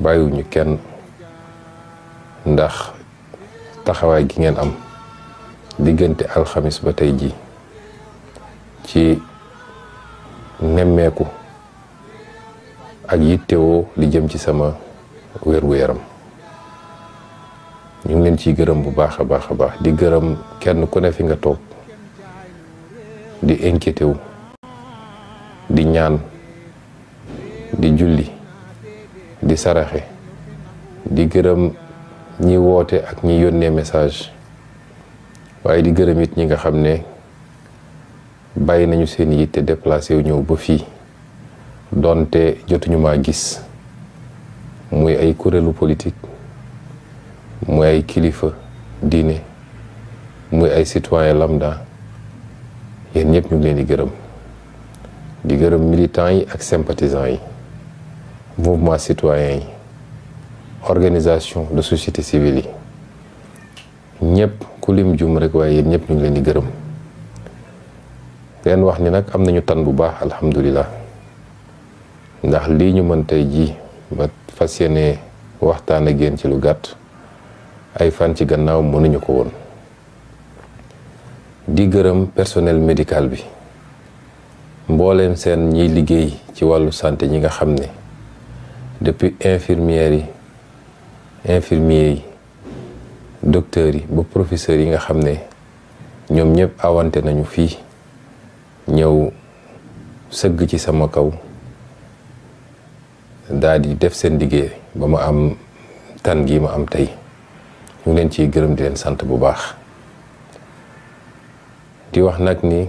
bàyyiwuñu kenn ndax taxawaay gi ngeen am diggante alxamis ba tey jii ci nemmeeku ak yittewoo di jëm ci sama wér bu yaram ñu ngi leen ciy gërëm bu baax a baax a baax di gërëm kenn ku ne fi nga toog di inquiété di ñaan di julli di saraxe di gërëm ñi woote ak ñi yónnee message waaye di gërëm it ñi nga xam ne bàyyi nañu seen yitte déplacé wu ñëw ba fii donte jotuñu maa gis muy ay kuréelu politique muy ay kilifa diine muy ay citoyen lambda yéen ñëpp ñu leen di gërëm di gërëm militants yi ak sympathisants yi mouvement citoyen organisation de société civile yi ku lim jum rek waaye yéen ñëpp ñu ngi leen di gërëm wax ni nak am nañu tan bu baax alhamdullilah ndax li ñu mën tay ji ba fasiyene yéene waxtaan ak yéen ci lu gatt ay fan ci gannaaw ñu ko won di gërëm personnel médical bi mbolem sen ñi liggéey ci walu santé ñi nga xamné depuis infirmières yi infirmiers yi docteurs yi ba professeurs yi nga xam ne ñoom ñëpp awante nañu fii ñëw sëgg ci sama kaw daal di def seen liggéey ba ma am tan gi ma am tey ñu ngi leen ciy gërëm di leen sant bu baax di wax nag ni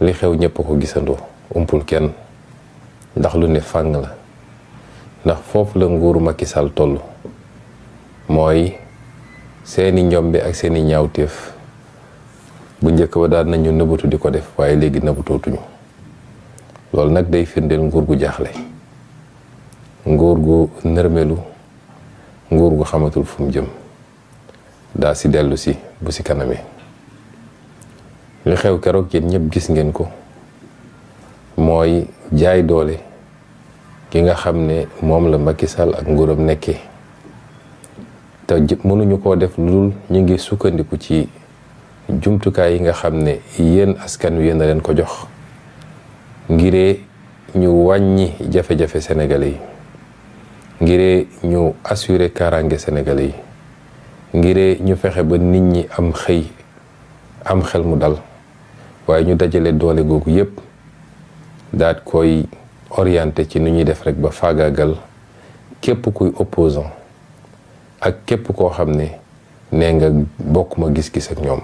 li xew ñëpp ko gisandoo umpul kenn ndax lu ne fàng la ndax foofu la nguur Macky Sall toll mooy seeni njombe ak seeni ñaawteef bu njëkk ba daan nañu nëbatu di ko def waaye léegi nëbatootuñu loolu nag day firndeel nguur gu jaaxle nguur gu nërmelu nguur gu xamatul fu mu jëm daa si dellu si bu si kanamee li xew keroog yéen ñépp gis ngeen ko mooy jaay doole yi nga xam ne moom la Macky Sall ak nguuram nekkee te mënuñu koo def lu dul ñu ngi sukkandiku ci jumtukaay yi nga xam ne yéen askan wi yéen leen ko jox ngiree ñu wàññi jafe-jafe sénégalais yi ngiree ñu assurer kaaraange sénégalais yi ngiree ñu fexe ba nit ñi am xëy am xel mu dal waaye ñu dajale doole googu yépp daat koy orienté ci nu ñuy def rek ba faagaagal képp kuy opposant ak képp koo xam ne nee nga bokk ma gis-gis ak ñoom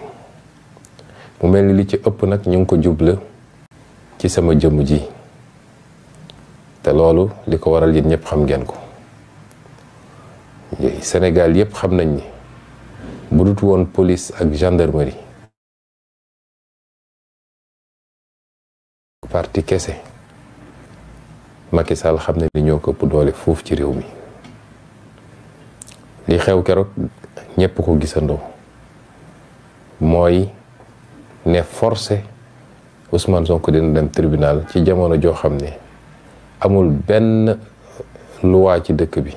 mu mel ni li ci ëpp nag ñu ngi ko juble ci sama jëmm ji te loolu li ko waral yéen ñépp xam ngeen ko Sénégal yépp xam nañ ni bu woon police ak gendarmerie parti kese Macky xam ne ni ñoo këpp doole foofu ci réew mi li xew keroog ñépp ko gisandoo mooy ne forcé Ousmane ko dina dem tribunal ci jamono joo xam ne amul benn loi ci dëkk bi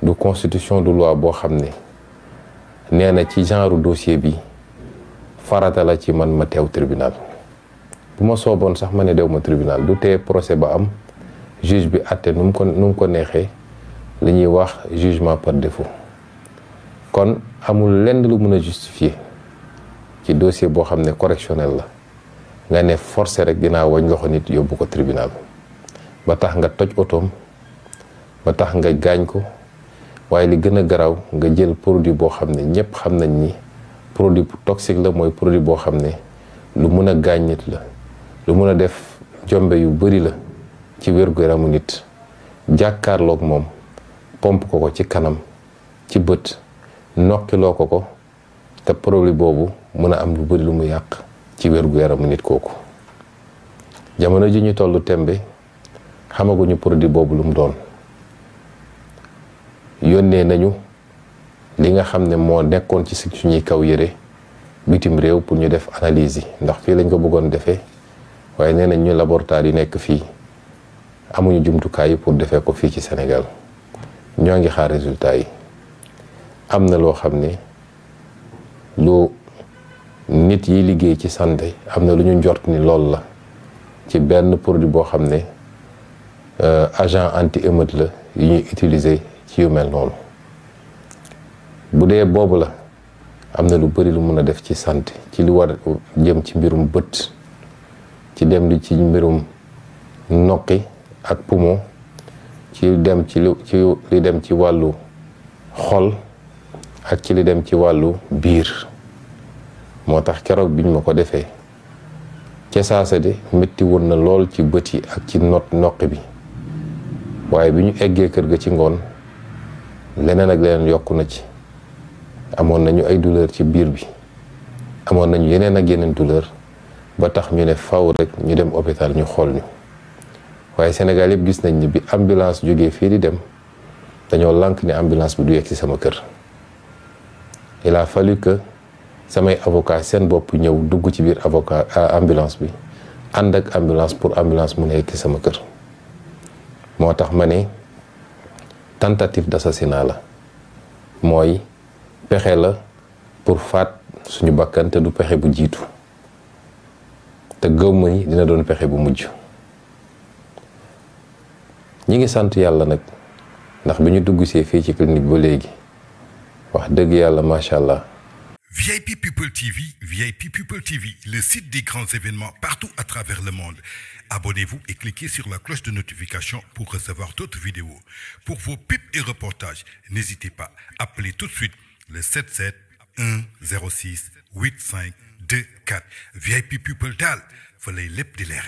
du constitution du loi boo xam ne nee na ci genre dossier bi farata la ci man ma teew tribunal bu ma sooboon sax ma ne dew ma tribunal du tee procès ba am juge bi até num ko nu ko li wax jugement par défaut kon amul lenn lu mëna justifier ci dossier bo xamné correctionnel la nga né forcé rek dina wañ loxo nit yóbbu ko tribunal ba tax nga toj otoom ba tax nga gañ ko li gëna nga jël produit bo xamné ne xam ni produit toxique la moy produit bo xamné lu mëna gañ nit la lu mëna def jombe yu bari la ci wérgu yaramu nit jàkkaarloog moom pomp ko ko ci kanam ci bët noqiloo ko ko te problème boobu mën a am lu bëri lu mu yàq ci wérgu yaramu nit kooku jamono ji ñu tollu tembe xamaguñu produit boobu lu mu doon yónnee nañu li nga xam ne moo nekkoon ci suñuy kaw yére bitim réew pour ñu def analyse yi ndax fii lañ ko bëggoon defee waaye nee nañ ñu laboratoire yi nekk fii amuñu jumtukaay yi pour defee ko fii ci senegal ñoo ngi xaar résultat yi am na loo xam ne lu nit yi liggéey ci santé am na lu ñu njort ni lool la ci benn produit boo xam ne euh, agent anti émeute la yu ñuy utiliser ci yu mel noonu bu dee boobu la am na lu bëri lu mun a def ci santé ci lu war jëm ci mbirum bët ci dem li ci mbirum noqi ak poumon ci dem ci ci li dem ci wàllu xol ak ci li dem ci wàllu biir moo tax keroog biñ ma ko defee ca saasa de métti woon na lool ci bët yi ak ci not bi waaye bi ñu eggee kër gi ci ngoon leneen ak leneen yokk na ci amoon nañu ay douleur ci biir bi amoon nañu yeneen ak yeneen douleur ba tax ñu ne faw rek ñu dem hôpital ñu xool ñu waye senegal yeb gis nañ ni bi ambulance jógee fi di dem dañoo lank ni ambulance bi du yexi sama kër il a fallu que samay avocat sen bop ñew dugg ci bir avocat euh, ambulance bi and ak ambulance pour ambulance mu nekk sama kër motax mané tentative d'assassinat la moy pexé la pour fat suñu bakkan du pexé bu jitu te gëmm dina doon pexé bu mujju ngi ndax dugg VIP People TV, VIP People TV, le site des grands événements partout à travers le monde. Abonnez-vous et cliquez sur la cloche de notification pour recevoir d'autres vidéos. Pour vos pips et reportages, n'hésitez pas, appelez tout de suite le 77 106 85 24. VIP People Dal, vous les